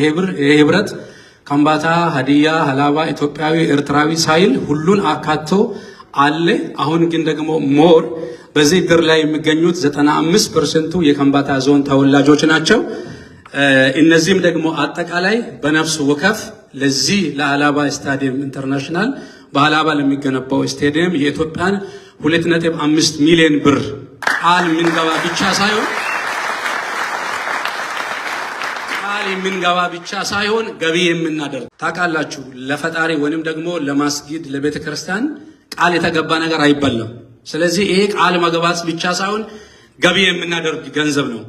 ይሄ ህብረት ከምባታ፣ ሀዲያ፣ ሀላባ ኢትዮጵያዊ ኤርትራዊ ሳይል ሁሉን አካቶ አለ። አሁን ግን ደግሞ ሞር በዚህ ድር ላይ የሚገኙት 95 ፐርሰንቱ የከምባታ ዞን ተወላጆች ናቸው። እነዚህም ደግሞ አጠቃላይ በነፍስ ወከፍ ለዚህ ለአላባ ስታዲየም ኢንተርናሽናል በአላባ ለሚገነባው ስታዲየም የኢትዮጵያን 2.5 ሚሊዮን ብር ቃል ምንገባ ብቻ ሳይሆን ቃል የምንገባ ብቻ ሳይሆን ገቢ የምናደርግ ታውቃላችሁ። ለፈጣሪ ወይም ደግሞ ለማስጊድ ለቤተ ክርስቲያን ቃል የተገባ ነገር አይበላም። ስለዚህ ይሄ ቃል መግባት ብቻ ሳይሆን ገቢ የምናደርግ ገንዘብ ነው።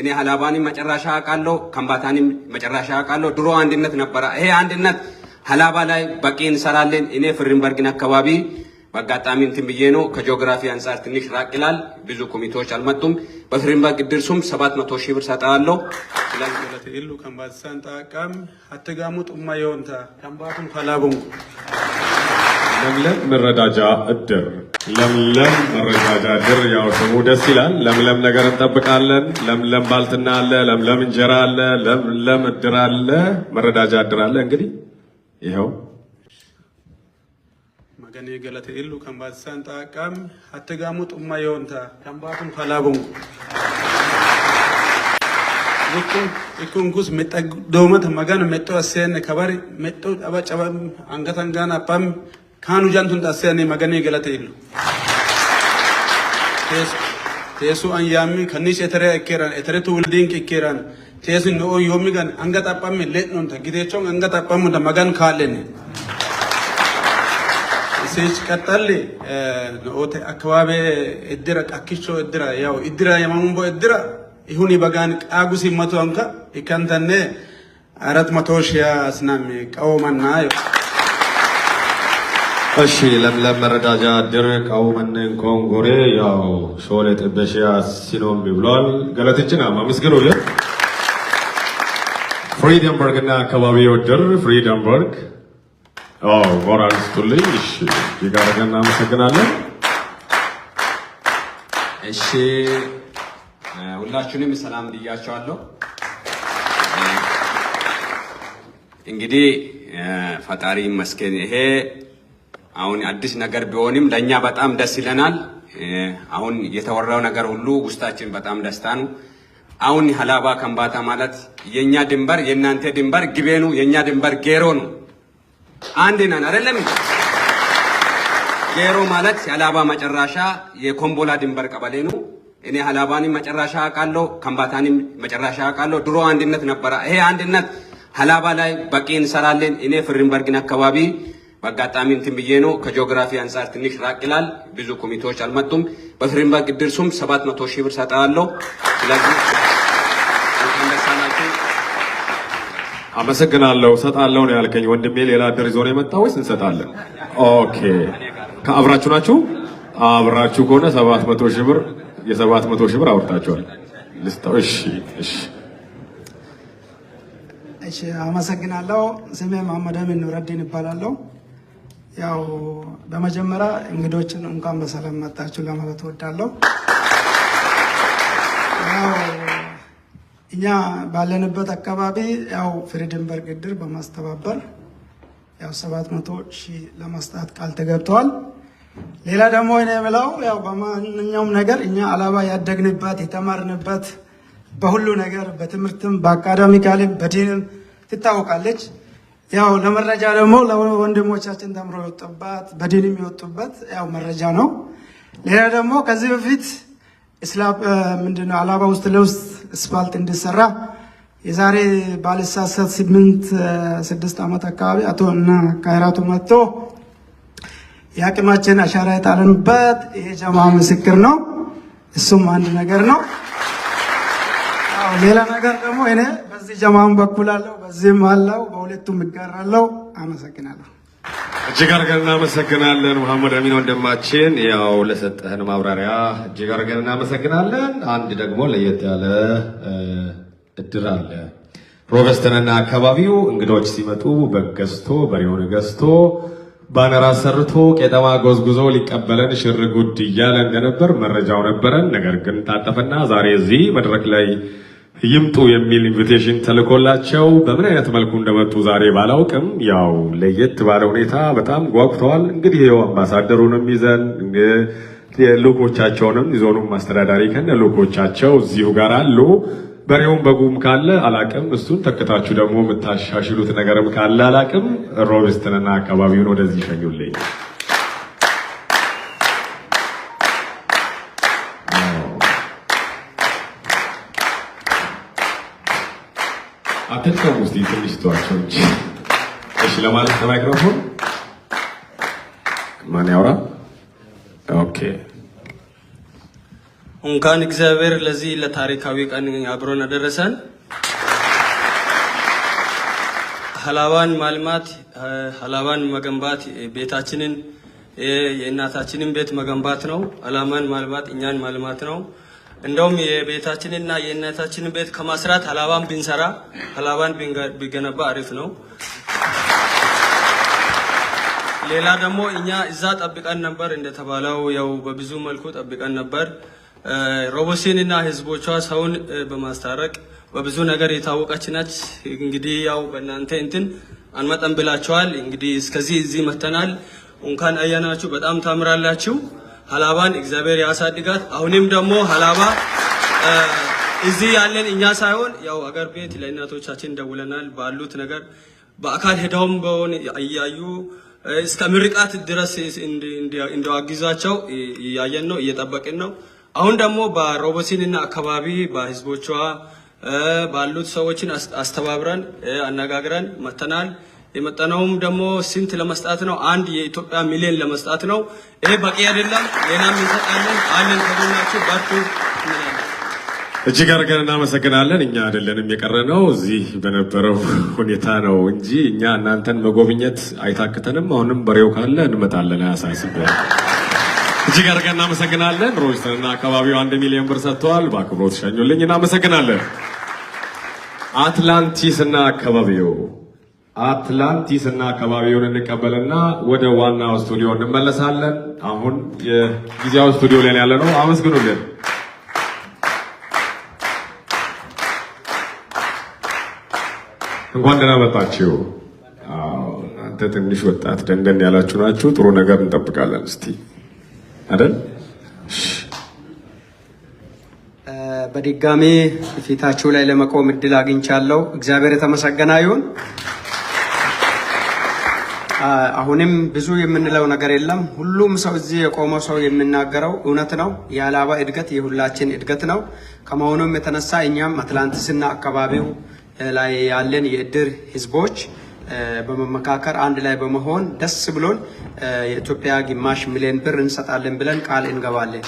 እኔ ሀላባንም መጨረሻ አውቃለሁ፣ ከምባታኒ መጨረሻ አውቃለሁ። ድሮ አንድነት ነበረ። ይሄ አንድነት ሀላባ ላይ በቂ እንሰራለን። እኔ ፍሪንበርግን አካባቢ በአጋጣሚ እንትን ብዬ ነው ከጂኦግራፊ አንጻር ትንሽ ራቅ ይላል። ብዙ ኮሚቴዎች አልመጡም። በፍሬምባ ግድርሱም ሰባት መቶ ሺህ ብር ሰጠዋለሁ። ስለተሉ ከንባሳን ጣቃም አትጋሙ ጡማ የሆንታ ከምባቱም ከላቡም ለምለም መረዳጃ እድር ለምለም መረዳጃ እድር ያው ስሙ ደስ ይላል። ለምለም ነገር እንጠብቃለን። ለምለም ባልትና አለ፣ ለምለም እንጀራ አለ፣ ለምለም እድር አለ፣ መረዳጃ እድር አለ። እንግዲህ ይኸው መገኔ ገለተ ኢሉ ከምባትሳን ጣቃም አትጋሙ ጡማ የወንታ ከምባቱም ከላቡንኩ ኢኩንኩስ ዶመት መጋን መጦ አሴነ ከባሪ መጦ ጠባጨባ አንገተን ጋን አባም ካኑ ጃንቱን ጣሴነ መገኔ ገለተ ኢሉ ቴሱ አንያሚ ከኒስ የተረ ኤኬራን የተረ ትውልድንቅ ኤኬራን ቴስ ኖኦ ዮሚ ጋን አንገጣጳሚ ሌጥኖንተ ጊዜቸውን አንገጣጳሙ ተ መጋን ካለኔ ሲቀጠል አካባቢ እድራ ቃኪቾ እድራ ያው እድራ የማሙንቦ እድራ ይሁን በጋን ቃጉሲ መቶ አንከ ይከንተነ አራት መቶ ሺያ ስናም ቀውመና እሺ ለምለም መረዳጃ ድር ቀውመነ እንኮን ጎሬ ያው ሾለ ጥበሽያ ሲኖም ብሏል። ገለትችና ማመስገኑልን ፍሪደንበርግ እና አካባቢ ወደር ፍሪደንበርግ ሞራል ስጡልኝ። እሺ ይጋረገን እናመሰግናለን። እሺ ሁላችሁንም ሰላም ብያቸዋለሁ። እንግዲህ ፈጣሪ ይመስገን። ይሄ አሁን አዲስ ነገር ቢሆንም ለእኛ በጣም ደስ ይለናል። አሁን የተወራው ነገር ሁሉ ውስጣችን በጣም ደስታ ነው። አሁን ሀላባ ከምባታ ማለት የእኛ ድንበር የእናንተ ድንበር ግቤ ነው፣ የእኛ ድንበር ጌሮ ነው። አንድ ነን አይደለም። ጌሮ ማለት የአላባ መጨረሻ የኮምቦላ ድንበር ቀበሌ ነው። እኔ ሀላባን መጨረሻ አውቃለሁ፣ ከምባታን መጨረሻ አውቃለሁ። ድሮ አንድነት ነበረ። ይሄ አንድነት ሀላባ ላይ በቂ እንሰራለን። እኔ ፍሪንበርግን አካባቢ በአጋጣሚ እንትን ብዬ ነው ከጂኦግራፊ አንጻር ትንሽ ራቅ ይላል። ብዙ ኮሚቴዎች አልመጡም። በፍሪንበርግ ድርሱም ሰባት መቶ ሺህ ብር ሰጠዋለሁ። ስለዚህ ደሳናቸው አመሰግናለሁ። እሰጣለሁ ነው ያልከኝ ወንድሜ። ሌላ ድር ይዞ ነው የመጣ ወይስ እንሰጣለን? ኦኬ ከአብራችሁ ናችሁ። አብራችሁ ከሆነ 700 ሺህ ብር የ700 ሺህ ብር አውርታችኋል። ልስጠው። እሺ፣ እሺ፣ እሺ። አመሰግናለሁ። ስሜ መሐመድ አሚን ኑረዲን ይባላለሁ። ያው በመጀመሪያ እንግዶችን እንኳን በሰላም መጣችሁ ለማለት እወዳለሁ። እኛ ባለንበት አካባቢ ያው ፍሪደንበርግ እድር በማስተባበር ያው 700 መቶ ሺህ ቃል ተገብተዋል። ሌላ ደግሞ እኔ የምለው ያው በማንኛውም ነገር እኛ አላባ ያደግንበት የተማርንበት በሁሉ ነገር በትምህርትም በአካዳሚካልም በዲንም ትታወቃለች። ያው ለመረጃ ደግሞ ለወንድሞቻችን ተምሮ የወጡበት በዲንም የወጡበት ያው መረጃ ነው። ሌላ ደግሞ ከዚህ በፊት ምንድነው አላባ ውስጥ ለውስጥ አስፋልት እንዲሰራ የዛሬ ባለሳሳት ስምንት ስድስት ዓመት አካባቢ አቶ እና ካይራቱ መጥቶ የአቅማችን አሻራ የጣለንበት ይሄ ጀማ ምስክር ነው። እሱም አንድ ነገር ነው። ሌላ ነገር ደግሞ እኔ በዚህ ጀማን በኩል አለው፣ በዚህም አለው፣ በሁለቱም እጋራለሁ። አመሰግናለሁ። እጅግ አድርገን እናመሰግናለን መሐመድ አሚን ወንድማችን፣ ያው ለሰጠህን ማብራሪያ እጅግ አድርገን እናመሰግናለን። አንድ ደግሞ ለየት ያለ እድር አለ። ሮበስተንና አካባቢው እንግዶች ሲመጡ በግ ገዝቶ በሬውን ገዝቶ ባነር አሰርቶ ቄጠማ ጎዝጉዞ ሊቀበለን ሽር ጉድ እያለ እንደነበር መረጃው ነበረን። ነገር ግን ታጠፈና ዛሬ እዚህ መድረክ ላይ ይምጡ የሚል ኢንቪቴሽን ተልኮላቸው በምን አይነት መልኩ እንደመጡ ዛሬ ባላውቅም ያው ለየት ባለ ሁኔታ በጣም ጓጉተዋል። እንግዲህ ይኸው አምባሳደሩንም ይዘን ልኮቻቸውንም የዞኑም አስተዳዳሪ ከነ ልኮቻቸው እዚሁ ጋር አሉ። በሬውም በጉም ካለ አላቅም፣ እሱን ተክታችሁ ደግሞ የምታሻሽሉት ነገርም ካለ አላቅም። ሮቢስትንና አካባቢውን ወደዚህ ይሸኙልኝ። አትልቀሙ ስ ትንሽ ተዋቸው እንጂ እሺ ለማለት ከማይክሮፎን ማን ያውራ? ኦኬ እንኳን እግዚአብሔር ለዚህ ለታሪካዊ ቀን አብሮን አደረሰን። ሀላባን ማልማት፣ ሀላባን መገንባት ቤታችንን የእናታችንን ቤት መገንባት ነው። አላማን ማልማት እኛን ማልማት ነው። እንደውም የቤታችንና የእናታችንን ቤት ከማስራት ሀላባን ብንሰራ ሀላባን ቢገነባ አሪፍ ነው። ሌላ ደግሞ እኛ እዛ ጠብቀን ነበር እንደተባለው ያው በብዙ መልኩ ጠብቀን ነበር። ሮቦሲንና ህዝቦቿ ሰውን በማስታረቅ በብዙ ነገር የታወቀች ናት። እንግዲህ ያው በእናንተ እንትን አንመጠን ብላችኋል። እንግዲህ እስከዚህ እዚህ መተናል። እንኳን አያናችሁ። በጣም ታምራላችሁ። ሀላባን እግዚአብሔር ያሳድጋት። አሁንም ደግሞ ሀላባ እዚህ ያለን እኛ ሳይሆን ያው አገር ቤት ለእናቶቻችን ደውለናል። ባሉት ነገር በአካል ሄደውም በሆነ እያዩ እስከ ምርቃት ድረስ እንዲያግዟቸው እያየን ነው፣ እየጠበቅን ነው። አሁን ደግሞ በሮቦሲን እና አካባቢ በህዝቦቿ ባሉት ሰዎችን አስተባብረን አነጋግረን መተናል። የመጠነውም ደግሞ ስንት ለመስጣት ነው? አንድ የኢትዮጵያ ሚሊዮን ለመስጣት ነው። ይሄ በቂ አይደለም። ሌላም እንሰጣለን። አለን ከጎናችሁ ባቱ እጅግ አድርገን እናመሰግናለን። እኛ አይደለንም የቀረ ነው እዚህ በነበረው ሁኔታ ነው እንጂ እኛ እናንተን መጎብኘት አይታክተንም። አሁንም በሬው ካለ እንመጣለን። አያሳስብ። እጅግ አድርገን እናመሰግናለን። ሮጅተንና አካባቢው አንድ ሚሊዮን ብር ሰጥተዋል። በአክብሮት ሸኙልኝ። እናመሰግናለን። አትላንቲስ እና አካባቢው አትላንቲስ እና አካባቢውን እንቀበልና ወደ ዋናው ስቱዲዮ እንመለሳለን። አሁን የጊዜያዊ ስቱዲዮ ላይ ያለ ነው። አመስግኑልን። እንኳን ደህና መጣችሁ። እናንተ ትንሽ ወጣት ደንደን ያላችሁ ናችሁ። ጥሩ ነገር እንጠብቃለን። እስቲ አይደል በድጋሜ ፊታችሁ ላይ ለመቆም እድል አግኝቻለሁ። እግዚአብሔር የተመሰገነ ይሁን። አሁንም ብዙ የምንለው ነገር የለም። ሁሉም ሰው እዚህ የቆመው ሰው የሚናገረው እውነት ነው። የአላባ እድገት የሁላችን እድገት ነው። ከመሆኑም የተነሳ እኛም አትላንቲስና አካባቢው ላይ ያለን የእድር ህዝቦች በመመካከር አንድ ላይ በመሆን ደስ ብሎን የኢትዮጵያ ግማሽ ሚሊዮን ብር እንሰጣለን ብለን ቃል እንገባለን።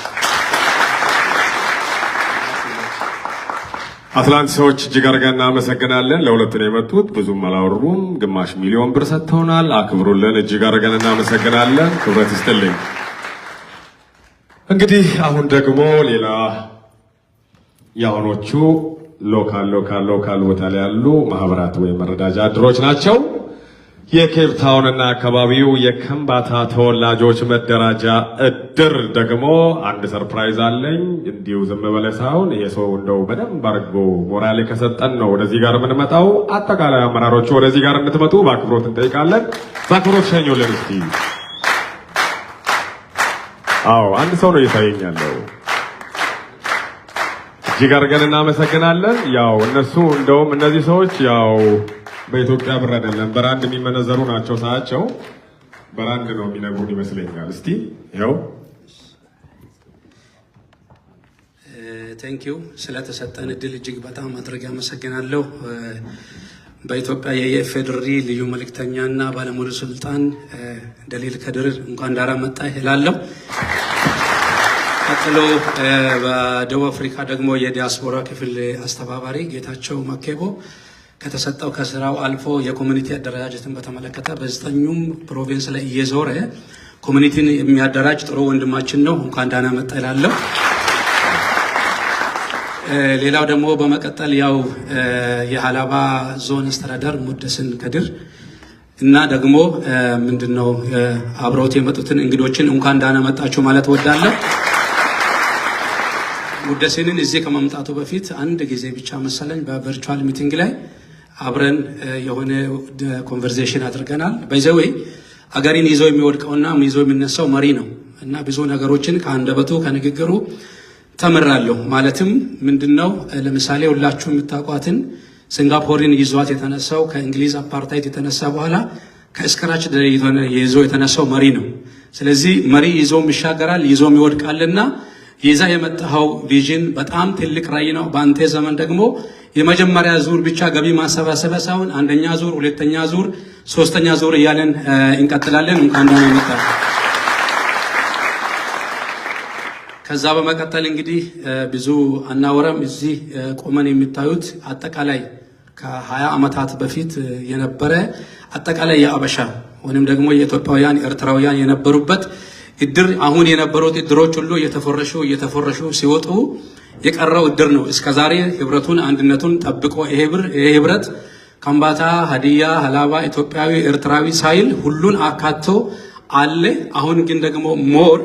አትላንት ሰዎች እጅግ አድርገን እናመሰግናለን። ለሁለት ነው የመጡት፣ ብዙም አላወሩም። ግማሽ ሚሊዮን ብር ሰጥተውናል። አክብሩልን። እጅግ አድርገን እናመሰግናለን። ክብረት ይስጥልኝ። እንግዲህ አሁን ደግሞ ሌላ የአሁኖቹ ሎካል ሎካል ሎካል ቦታ ላይ ያሉ ማህበራት ወይም መረዳጃ እድሮች ናቸው። የኬፕ ታውንና አካባቢው የከምባታ ተወላጆች መደራጃ እድር ደግሞ አንድ ሰርፕራይዝ አለኝ። እንዲሁ ዝም ብለህ ሳይሆን ይሄ ሰው እንደው በደንብ አድርጎ ሞራሌ ከሰጠን ነው ወደዚህ ጋር የምንመጣው። አጠቃላይ አመራሮቹ ወደዚህ ጋር እንድትመጡ በአክብሮት እንጠይቃለን። በአክብሮት ሸኙልን እስቲ። አዎ አንድ ሰው ነው እየታየኛለው። እጅግ አድርገን እናመሰግናለን። ያው እነሱ እንደውም እነዚህ ሰዎች ያው በኢትዮጵያ ብር አይደለም በራንድ የሚመነዘሩ ናቸው። ሰዓቸው በራንድ ነው የሚነግሩን ይመስለኛል። እስቲ ያው ቴንኪው ስለተሰጠን እድል እጅግ በጣም አድርግ ያመሰግናለሁ። በኢትዮጵያ የኢፌዴሪ ልዩ መልእክተኛና ባለሙሉ ስልጣን ደሊል ከድር እንኳን ዳራ መጣ ይላለሁ። ቀጥሎ በደቡብ አፍሪካ ደግሞ የዲያስፖራ ክፍል አስተባባሪ ጌታቸው መኬቦ ከተሰጠው ከስራው አልፎ የኮሚኒቲ አደረጃጀትን በተመለከተ በዘጠኙም ፕሮቪንስ ላይ እየዞረ ኮሚኒቲን የሚያደራጅ ጥሩ ወንድማችን ነው። እንኳን ደህና መጣ እላለሁ። ሌላው ደግሞ በመቀጠል ያው የሀላባ ዞን አስተዳደር ሙደስን ከድር እና ደግሞ ምንድነው አብረውት የመጡትን እንግዶችን እንኳን ደህና መጣችሁ ማለት ወዳለሁ። ውደሴንን እዚህ ከመምጣቱ በፊት አንድ ጊዜ ብቻ መሰለኝ በቨርቹዋል ሚቲንግ ላይ አብረን የሆነ ኮንቨርሴሽን አድርገናል። በዘዌ አገሪን ይዞ የሚወድቀውና ይዞ የሚነሳው መሪ ነው እና ብዙ ነገሮችን ከአንደበቱ ከንግግሩ ተምራለሁ። ማለትም ምንድነው ለምሳሌ ሁላችሁ የምታውቋትን ሲንጋፖርን ይዟት የተነሳው ከእንግሊዝ አፓርታይድ የተነሳ በኋላ ከእስክራች ይዞ የተነሳው መሪ ነው። ስለዚህ መሪ ይዞም ይሻገራል፣ ይዞም ይወድቃልና ይዛ የመጣኸው ቪዥን በጣም ትልቅ ራዕይ ነው። በአንተ ዘመን ደግሞ የመጀመሪያ ዙር ብቻ ገቢ ማሰባሰብ ሳይሆን አንደኛ ዙር፣ ሁለተኛ ዙር፣ ሶስተኛ ዙር እያለን እንቀጥላለን። እንኳን ደህና መጣ። ከዛ በመቀጠል እንግዲህ ብዙ አናወራም። እዚህ ቆመን የሚታዩት አጠቃላይ ከሀያ ዓመታት በፊት የነበረ አጠቃላይ የአበሻ ወይም ደግሞ የኢትዮጵያውያን ኤርትራውያን የነበሩበት እድር አሁን የነበሩት እድሮች ሁሉ እየተፈረሹ እየተፈረሹ ሲወጡ የቀረው እድር ነው። እስከዛሬ ህብረቱን አንድነቱን ጠብቆ ይሄ ህብረት ከምባታ፣ ሀዲያ፣ ሀላባ፣ ኢትዮጵያዊ፣ ኤርትራዊ ሳይል ሁሉን አካቶ አለ። አሁን ግን ደግሞ ሞር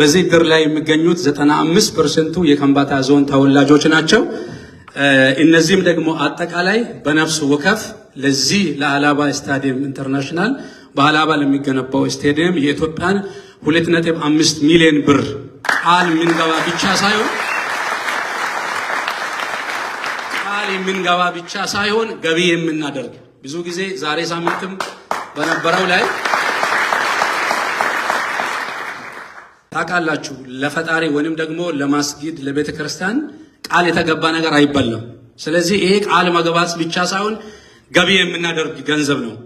በዚህ እድር ላይ የሚገኙት 95 ፐርሰንቱ የከምባታ ዞን ተወላጆች ናቸው። እነዚህም ደግሞ አጠቃላይ በነፍስ ወከፍ ለዚህ ለአላባ ስታዲየም ኢንተርናሽናል በሀላባ ለሚገነባው ስታዲየም የኢትዮጵያን ሁለት ነጥብ አምስት ሚሊዮን ብር ቃል የምንገባ ብቻ ሳይሆን ቃል የምንገባ ብቻ ሳይሆን ገቢ የምናደርግ ብዙ ጊዜ ዛሬ ሳምንትም በነበረው ላይ ታውቃላችሁ፣ ለፈጣሪ ወይንም ደግሞ ለማስጊድ ለቤተ ክርስቲያን ቃል የተገባ ነገር አይበላም። ስለዚህ ይሄ ቃል መግባት ብቻ ሳይሆን ገቢ የምናደርግ ገንዘብ ነው።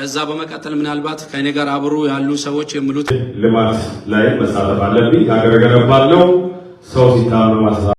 ከዛ በመቀጠል ምናልባት ከእኔ ጋር አብሮ ያሉ ሰዎች የሚሉት ልማት ላይ መሳተፍ አለብኝ። አገር ገነባለሁ ሰው ሲታመም